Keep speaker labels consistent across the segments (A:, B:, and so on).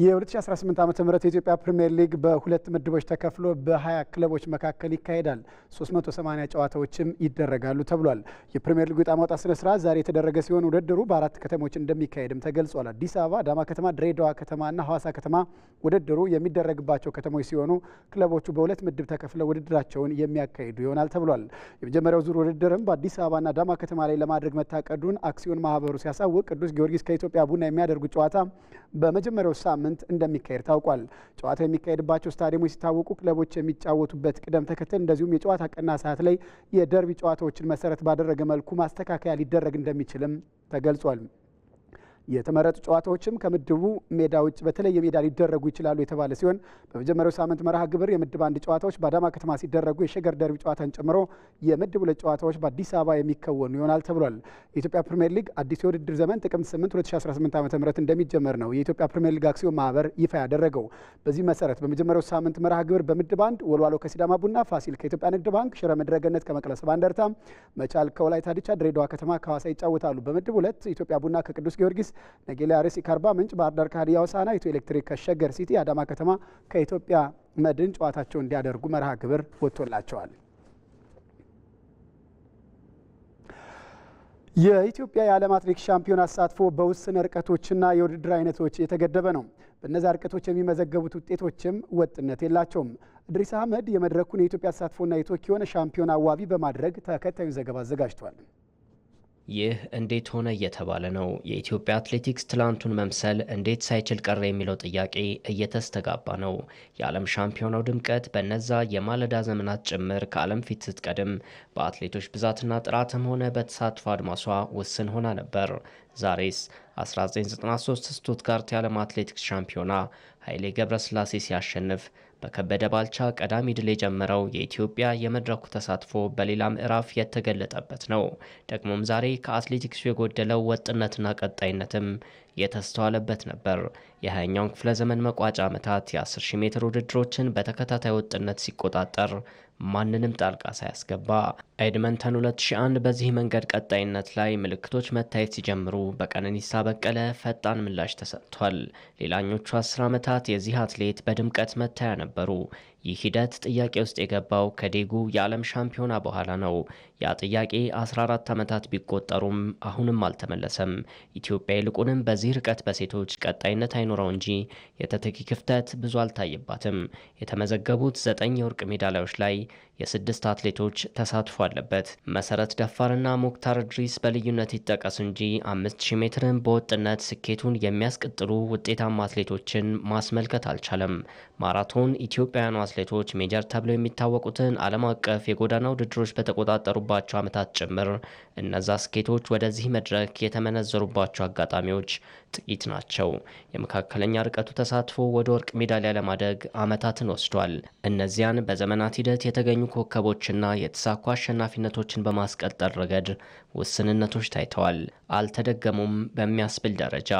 A: የ2018 ዓ ም የኢትዮጵያ ፕሪምየር ሊግ በሁለት ምድቦች ተከፍሎ በ20 ክለቦች መካከል ይካሄዳል። 380 ጨዋታዎችም ይደረጋሉ ተብሏል። የፕሪምየር ሊጉ ዕጣ ማውጣት ስነ ስርዓት ዛሬ የተደረገ ሲሆን ውድድሩ በአራት ከተሞች እንደሚካሄድም ተገልጿል። አዲስ አበባ፣ አዳማ ከተማ፣ ድሬዳዋ ከተማና ሐዋሳ ከተማ ውድድሩ የሚደረግባቸው ከተሞች ሲሆኑ ክለቦቹ በሁለት ምድብ ተከፍለው ውድድራቸውን የሚያካሂዱ ይሆናል ተብሏል። የመጀመሪያው ዙር ውድድርም በአዲስ አበባና አዳማ ከተማ ላይ ለማድረግ መታቀዱን አክሲዮን ማህበሩ ሲያሳውቅ ቅዱስ ጊዮርጊስ ከኢትዮጵያ ቡና የሚያደርጉት ጨዋታ በመጀመሪያው ሳምንት ሳምንት እንደሚካሄድ ታውቋል። ጨዋታው የሚካሄድባቸው ስታዲየሞች ሲታወቁ ክለቦች የሚጫወቱበት ቅደም ተከተል እንደዚሁም የጨዋታ ቀና ሰዓት ላይ የደርቢ ጨዋታዎችን መሰረት ባደረገ መልኩ ማስተካከያ ሊደረግ እንደሚችልም ተገልጿል። የተመረጡ ጨዋታዎችም ከምድቡ ሜዳ ውጭ በተለየ ሜዳ ሊደረጉ ይችላሉ የተባለ ሲሆን በመጀመሪያው ሳምንት መርሃ ግብር የምድብ አንድ ጨዋታዎች በአዳማ ከተማ ሲደረጉ የሸገር ደርቢ ጨዋታን ጨምሮ የምድብ ሁለት ጨዋታዎች በአዲስ አበባ የሚከወኑ ይሆናል ተብሏል። የኢትዮጵያ ፕሪምየር ሊግ አዲሱ የውድድር ዘመን ጥቅምት 8 2018 ዓ ም እንደሚጀመር ነው የኢትዮጵያ ፕሪምየር ሊግ አክሲዮን ማህበር ይፋ ያደረገው። በዚህ መሰረት በመጀመሪያው ሳምንት መርሃ ግብር በምድብ አንድ ወልዋሎ ከሲዳማ ቡና፣ ፋሲል ከኢትዮጵያ ንግድ ባንክ፣ ሽረ መድረገነት ከመቀለ ሰባ እንደርታ፣ መቻል ከወላይታ ዲቻ፣ ድሬዳዋ ከተማ ከሐዋሳ ይጫወታሉ። በምድብ ሁለት ኢትዮጵያ ቡና ከቅዱስ ጊዮርጊስ ነጌሌ አርሲ ከአርባ ምንጭ፣ ባህር ዳር ከሀዲያ ሆሳዕና፣ ኢትዮ ኤሌክትሪክ ከሸገር ሲቲ፣ አዳማ ከተማ ከኢትዮጵያ መድን ጨዋታቸው እንዲያደርጉ መርሃ ግብር ወጥቶላቸዋል። የኢትዮጵያ የዓለም አትሌቲክስ ሻምፒዮና አሳትፎ በውስን ርቀቶችና የውድድር አይነቶች የተገደበ ነው። በእነዚያ ርቀቶች የሚመዘገቡት ውጤቶችም ወጥነት የላቸውም። እድሪስ አህመድ የመድረኩን የኢትዮጵያ አሳትፎና የቶኪዮን ሻምፒዮና ዋቢ በማድረግ ተከታዩን ዘገባ አዘጋጅቷል።
B: ይህ እንዴት ሆነ እየተባለ ነው። የኢትዮጵያ አትሌቲክስ ትላንቱን መምሰል እንዴት ሳይችል ቀረ የሚለው ጥያቄ እየተስተጋባ ነው። የዓለም ሻምፒዮናው ድምቀት በነዛ የማለዳ ዘመናት ጭምር ከዓለም ፊት ስትቀድም በአትሌቶች ብዛትና ጥራትም ሆነ በተሳትፎ አድማሷ ውስን ሆና ነበር። ዛሬስ 1993 ስቱትጋርት የዓለም አትሌቲክስ ሻምፒዮና ኃይሌ ገብረስላሴ ሲያሸንፍ በከበደ ባልቻ ቀዳሚ ድል የጀመረው የኢትዮጵያ የመድረኩ ተሳትፎ በሌላ ምዕራፍ የተገለጠበት ነው። ደግሞም ዛሬ ከአትሌቲክሱ የጎደለው ወጥነትና ቀጣይነትም የተስተዋለበት ነበር። የሃያኛውን ክፍለ ዘመን መቋጫ ዓመታት የ10 ሺህ ሜትር ውድድሮችን በተከታታይ ወጥነት ሲቆጣጠር ማንንም ጣልቃ ሳያስገባ ኤድመንተን 2001 በዚህ መንገድ ቀጣይነት ላይ ምልክቶች መታየት ሲጀምሩ በቀነኒሳ በቀለ ፈጣን ምላሽ ተሰጥቷል። ሌላኞቹ 10 ዓመታት የዚህ አትሌት በድምቀት መታያ ነበሩ። ይህ ሂደት ጥያቄ ውስጥ የገባው ከዴጉ የዓለም ሻምፒዮና በኋላ ነው። ያ ጥያቄ 14 ዓመታት ቢቆጠሩም አሁንም አልተመለሰም። ኢትዮጵያ ይልቁንም በዚህ ርቀት በሴቶች ቀጣይነት አይኖረው እንጂ የተተኪ ክፍተት ብዙ አልታየባትም። የተመዘገቡት ዘጠኝ የወርቅ ሜዳሊያዎች ላይ የስድስት አትሌቶች ተሳትፎ አለበት። መሰረት ደፋርና ሙክታር ድሪስ በልዩነት ይጠቀሱ እንጂ አምስት ሺህ ሜትርን በወጥነት ስኬቱን የሚያስቀጥሉ ውጤታማ አትሌቶችን ማስመልከት አልቻለም። ማራቶን ኢትዮጵያውያኑ አትሌቶች ሜጀር ተብለው የሚታወቁትን ዓለም አቀፍ የጎዳና ውድድሮች በተቆጣጠሩባቸው ዓመታት ጭምር እነዛ ስኬቶች ወደዚህ መድረክ የተመነዘሩባቸው አጋጣሚዎች ጥቂት ናቸው። የመካከለኛ ርቀቱ ተሳትፎ ወደ ወርቅ ሜዳሊያ ለማደግ ዓመታትን ወስዷል። እነዚያን በዘመናት ሂደት የተገኙ ኮከቦችና የተሳኩ አሸናፊነቶችን በማስቀጠል ረገድ ውስንነቶች ታይተዋል፣ አልተደገሙም በሚያስብል ደረጃ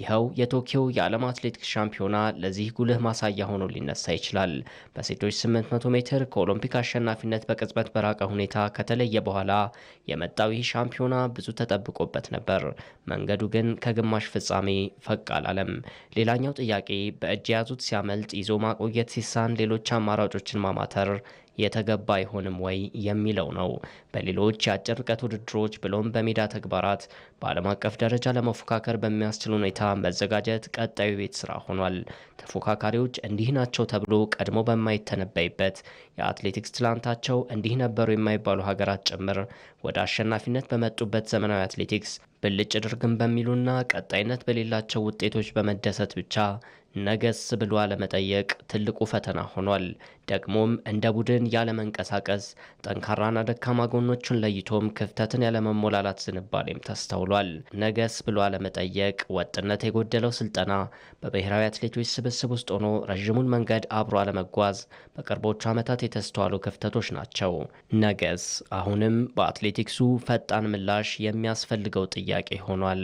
B: ይኸው የቶኪዮ የዓለም አትሌቲክስ ሻምፒዮና ለዚህ ጉልህ ማሳያ ሆኖ ሊነሳ ይችላል። በሴቶች 800 ሜትር ከኦሎምፒክ አሸናፊነት በቅጽበት በራቀ ሁኔታ ከተለየ በኋላ የመጣው ይህ ሻምፒዮና ብዙ ተጠብቆበት ነበር። መንገዱ ግን ከግማሽ ፍጽ ፍጻሜ ፈቅ አላለም። ሌላኛው ጥያቄ በእጅ የያዙት ሲያመልጥ ይዞ ማቆየት ሲሳን ሌሎች አማራጮችን ማማተር የተገባ አይሆንም ወይ የሚለው ነው። በሌሎች የአጭር ርቀት ውድድሮች ብሎም በሜዳ ተግባራት በዓለም አቀፍ ደረጃ ለመፎካከር በሚያስችል ሁኔታ መዘጋጀት ቀጣዩ ቤት ስራ ሆኗል። ተፎካካሪዎች እንዲህ ናቸው ተብሎ ቀድሞ በማይተነበይበት የአትሌቲክስ ትላንታቸው እንዲህ ነበሩ የማይባሉ ሀገራት ጭምር ወደ አሸናፊነት በመጡበት ዘመናዊ አትሌቲክስ ብልጭ ድርግም በሚሉና ቀጣይነት በሌላቸው ውጤቶች በመደሰት ብቻ ነገስ ብሎ አለመጠየቅ ትልቁ ፈተና ሆኗል። ደግሞም እንደ ቡድን ያለመንቀሳቀስ፣ ጠንካራና ደካማ ጎኖችን ለይቶም ክፍተትን ያለመሞላላት ዝንባሌም ተስተውሏል። ነገስ ብሎ አለመጠየቅ፣ ወጥነት የጎደለው ስልጠና፣ በብሔራዊ አትሌቶች ስብስብ ውስጥ ሆኖ ረዥሙን መንገድ አብሮ አለመጓዝ በቅርቦቹ ዓመታት የተስተዋሉ ክፍተቶች ናቸው። ነገስ አሁንም በአትሌቲክሱ ፈጣን ምላሽ የሚያስፈልገው ጥያቄ ሆኗል።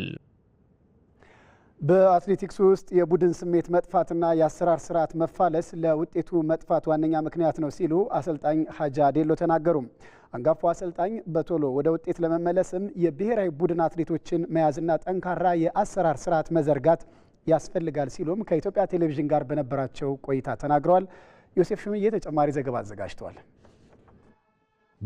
A: በአትሌቲክስ ውስጥ የቡድን ስሜት መጥፋትና የአሰራር ስርዓት መፋለስ ለውጤቱ መጥፋት ዋነኛ ምክንያት ነው ሲሉ አሰልጣኝ ሀጂ አዴሎ ተናገሩም አንጋፉ አሰልጣኝ በቶሎ ወደ ውጤት ለመመለስም የብሔራዊ ቡድን አትሌቶችን መያዝና ጠንካራ የአሰራር ስርዓት መዘርጋት ያስፈልጋል ሲሉም ከኢትዮጵያ ቴሌቪዥን ጋር በነበራቸው ቆይታ ተናግረዋል። ዮሴፍ ሹምዬ ተጨማሪ ዘገባ አዘጋጅተዋል።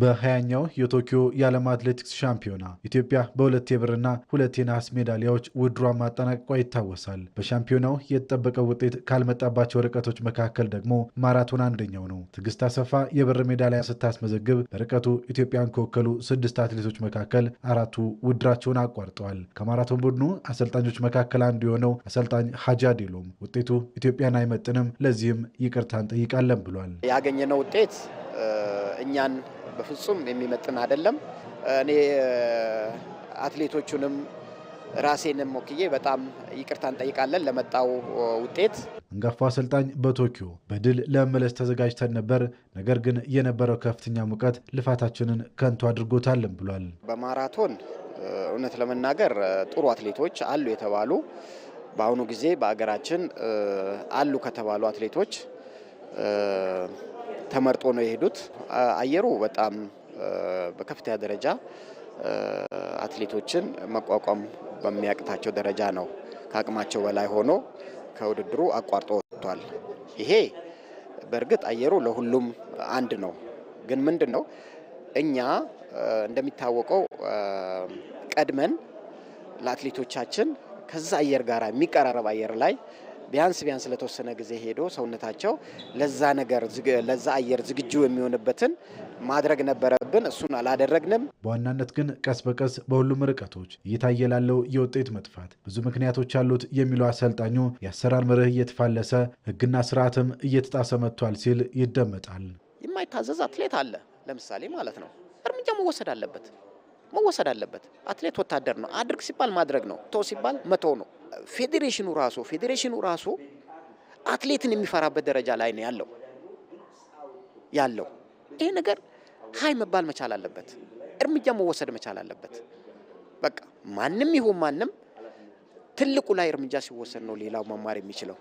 C: በሀያኛው የቶኪዮ የዓለም አትሌቲክስ ሻምፒዮና ኢትዮጵያ በሁለት የብርና ሁለት የነሐስ ሜዳሊያዎች ውድሯ ማጠናቀቋ ይታወሳል። በሻምፒዮናው የተጠበቀ ውጤት ካልመጣባቸው ርቀቶች መካከል ደግሞ ማራቶን አንደኛው ነው። ትዕግስት አሰፋ የብር ሜዳሊያ ስታስመዘግብ በርቀቱ ኢትዮጵያን ከወከሉ ስድስት አትሌቶች መካከል አራቱ ውድራቸውን አቋርጠዋል። ከማራቶን ቡድኑ አሰልጣኞች መካከል አንዱ የሆነው አሰልጣኝ ሀጂ አዲሎም ውጤቱ ኢትዮጵያን አይመጥንም፣ ለዚህም ይቅርታ እንጠይቃለን ብሏል።
D: ያገኘነው ውጤት እኛን በፍጹም የሚመጥን አይደለም። እኔ አትሌቶቹንም ራሴንም ወክዬ በጣም ይቅርታ እንጠይቃለን ለመጣው ውጤት።
C: አንጋፋ አሰልጣኝ በቶኪዮ በድል ለመመለስ ተዘጋጅተን ነበር፣ ነገር ግን የነበረው ከፍተኛ ሙቀት ልፋታችንን ከንቱ አድርጎታለን ብሏል።
D: በማራቶን እውነት ለመናገር ጥሩ አትሌቶች አሉ የተባሉ በአሁኑ ጊዜ በሀገራችን አሉ ከተባሉ አትሌቶች ተመርጦ ነው የሄዱት። አየሩ በጣም በከፍተኛ ደረጃ አትሌቶችን መቋቋም በሚያቅታቸው ደረጃ ነው ከአቅማቸው በላይ ሆኖ ከውድድሩ አቋርጦ ወጥቷል። ይሄ በእርግጥ አየሩ ለሁሉም አንድ ነው። ግን ምንድን ነው እኛ እንደሚታወቀው ቀድመን ለአትሌቶቻችን ከዛ አየር ጋር የሚቀራረብ አየር ላይ ቢያንስ ቢያንስ ለተወሰነ ጊዜ ሄዶ ሰውነታቸው ለዛ ነገር ለዛ አየር ዝግጁ የሚሆንበትን ማድረግ ነበረብን። እሱን አላደረግንም።
C: በዋናነት ግን ቀስ በቀስ በሁሉም ርቀቶች እየታየ ላለው የውጤት መጥፋት ብዙ ምክንያቶች አሉት የሚለው አሰልጣኙ የአሰራር መርህ እየተፋለሰ ሕግና ስርዓትም እየተጣሰ መጥቷል ሲል ይደመጣል።
D: የማይታዘዝ አትሌት አለ ለምሳሌ ማለት ነው። እርምጃ መወሰድ አለበት መወሰድ አለበት። አትሌት ወታደር ነው። አድርግ ሲባል ማድረግ ነው። ቶ ሲባል መቶ ነው። ፌዴሬሽኑ ራሱ ፌዴሬሽኑ ራሱ አትሌትን የሚፈራበት ደረጃ ላይ ነው ያለው ያለው ይሄ ነገር ሀይ መባል መቻል አለበት። እርምጃ መወሰድ መቻል አለበት። በቃ ማንም ይሁን ማንም ትልቁ ላይ እርምጃ ሲወሰድ ነው ሌላው መማር የሚችለው።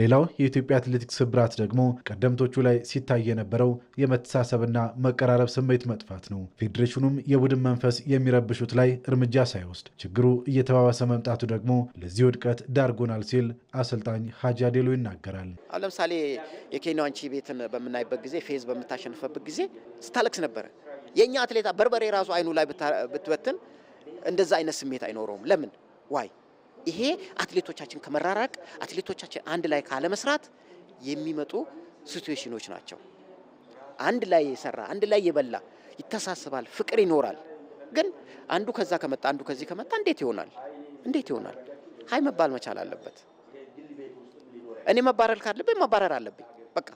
C: ሌላው የኢትዮጵያ አትሌቲክስ ስብራት ደግሞ ቀደምቶቹ ላይ ሲታይ የነበረው የመተሳሰብና መቀራረብ ስሜት መጥፋት ነው። ፌዴሬሽኑም የቡድን መንፈስ የሚረብሹት ላይ እርምጃ ሳይወስድ ችግሩ እየተባባሰ መምጣቱ ደግሞ ለዚህ ውድቀት ዳርጎናል ሲል አሰልጣኝ ሀጂ አዴሎ ይናገራል።
D: አሁን ለምሳሌ የኬንያዋን ቺቤትን በምናይበት ጊዜ ፌዝ በምታሸንፈበት ጊዜ ስታለቅስ ነበረ። የእኛ አትሌታ በርበሬ ራሱ አይኑ ላይ ብትበትን እንደዛ አይነት ስሜት አይኖረውም። ለምን ዋይ ይሄ አትሌቶቻችን ከመራራቅ አትሌቶቻችን አንድ ላይ ካለመስራት የሚመጡ ሲትዌሽኖች ናቸው። አንድ ላይ የሰራ አንድ ላይ የበላ ይተሳስባል፣ ፍቅር ይኖራል። ግን አንዱ ከዛ ከመጣ አንዱ ከዚህ ከመጣ እንዴት ይሆናል? እንዴት ይሆናል? ሀይ መባል መቻል አለበት። እኔ መባረር ካለብኝ መባረር አለብኝ። በቃ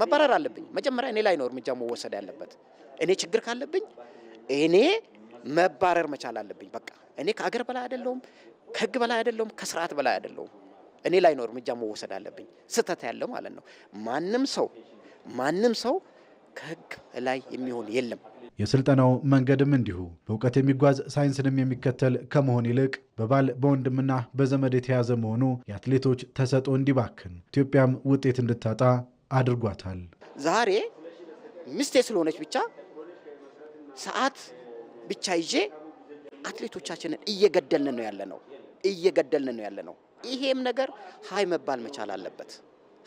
D: መባረር አለብኝ። መጀመሪያ እኔ ላይ ነው እርምጃ መወሰድ ያለበት። እኔ ችግር ካለብኝ እኔ መባረር መቻል አለብኝ። በቃ እኔ ከአገር በላይ አይደለሁም። ከህግ በላይ አይደለውም፣ ከስርዓት በላይ አይደለውም። እኔ ላይ ነው እርምጃ መወሰድ አለብኝ፣ ስህተት ያለው ማለት ነው። ማንም ሰው ማንም ሰው ከህግ ላይ የሚሆን የለም።
C: የስልጠናው መንገድም እንዲሁ በእውቀት የሚጓዝ ሳይንስንም የሚከተል ከመሆን ይልቅ በባል በወንድምና በዘመድ የተያዘ መሆኑ የአትሌቶች ተሰጦ እንዲባክን ኢትዮጵያም ውጤት እንድታጣ አድርጓታል።
D: ዛሬ ሚስቴ ስለሆነች ብቻ ሰዓት ብቻ ይዤ አትሌቶቻችንን እየገደልን ነው ያለ ነው። እየገደልን ነው ያለ ነው። ይሄም ነገር ሀይ መባል መቻል አለበት።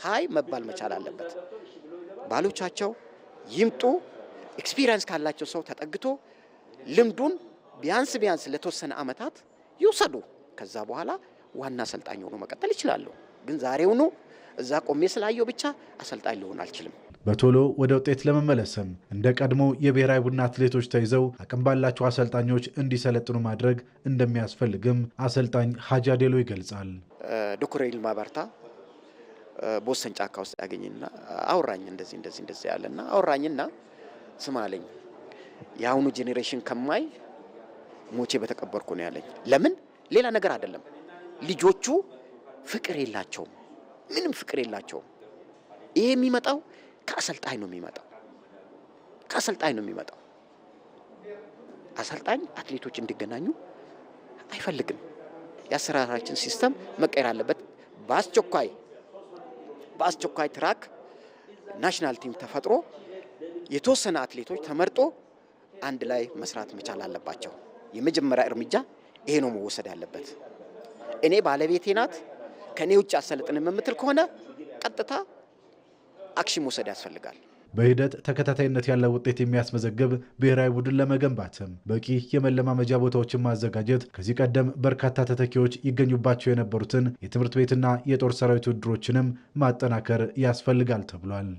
D: ሀይ መባል መቻል አለበት። ባሎቻቸው ይምጡ። ኤክስፒሪንስ ካላቸው ሰው ተጠግቶ ልምዱን ቢያንስ ቢያንስ ለተወሰነ ዓመታት ይውሰዱ። ከዛ በኋላ ዋና አሰልጣኝ ሆኖ መቀጠል ይችላሉ። ግን ዛሬውኑ እዛ ቆሜ ስላየው ብቻ አሰልጣኝ ልሆን አልችልም።
C: በቶሎ ወደ ውጤት ለመመለስም እንደ ቀድሞ የብሔራዊ ቡና አትሌቶች ተይዘው አቅም ባላቸው አሰልጣኞች እንዲሰለጥኑ ማድረግ እንደሚያስፈልግም አሰልጣኝ ሀጃዴሎ ይገልጻል።
D: ይልማ ማበርታ በወሰን ጫካ ውስጥ ያገኝና አውራኝ እንደዚህ እንደዚህ እንደዚህ ያለና አውራኝና ስም አለኝ። የአሁኑ ጄኔሬሽን ከማይ ሞቼ በተቀበርኩ ነው ያለኝ። ለምን ሌላ ነገር አይደለም። ልጆቹ ፍቅር የላቸውም፣ ምንም ፍቅር የላቸውም። ይሄ የሚመጣው ከአሰልጣኝ ነው የሚመጣው። ከአሰልጣኝ ነው የሚመጣው። አሰልጣኝ አትሌቶች እንዲገናኙ አይፈልግም። የአሰራራችን ሲስተም መቀየር አለበት። በአስቸኳይ በአስቸኳይ ትራክ ናሽናል ቲም ተፈጥሮ የተወሰነ አትሌቶች ተመርጦ አንድ ላይ መስራት መቻል አለባቸው። የመጀመሪያ እርምጃ ይሄ ነው መወሰድ ያለበት። እኔ ባለቤቴ ናት ከእኔ ውጭ አሰልጥንም የምትል ከሆነ ቀጥታ አክሽን መውሰድ ያስፈልጋል።
C: በሂደት ተከታታይነት ያለው ውጤት የሚያስመዘግብ ብሔራዊ ቡድን ለመገንባትም በቂ የመለማመጃ ቦታዎችን ማዘጋጀት፣ ከዚህ ቀደም በርካታ ተተኪዎች ይገኙባቸው የነበሩትን የትምህርት ቤትና የጦር ሰራዊት ውድድሮችንም ማጠናከር ያስፈልጋል ተብሏል።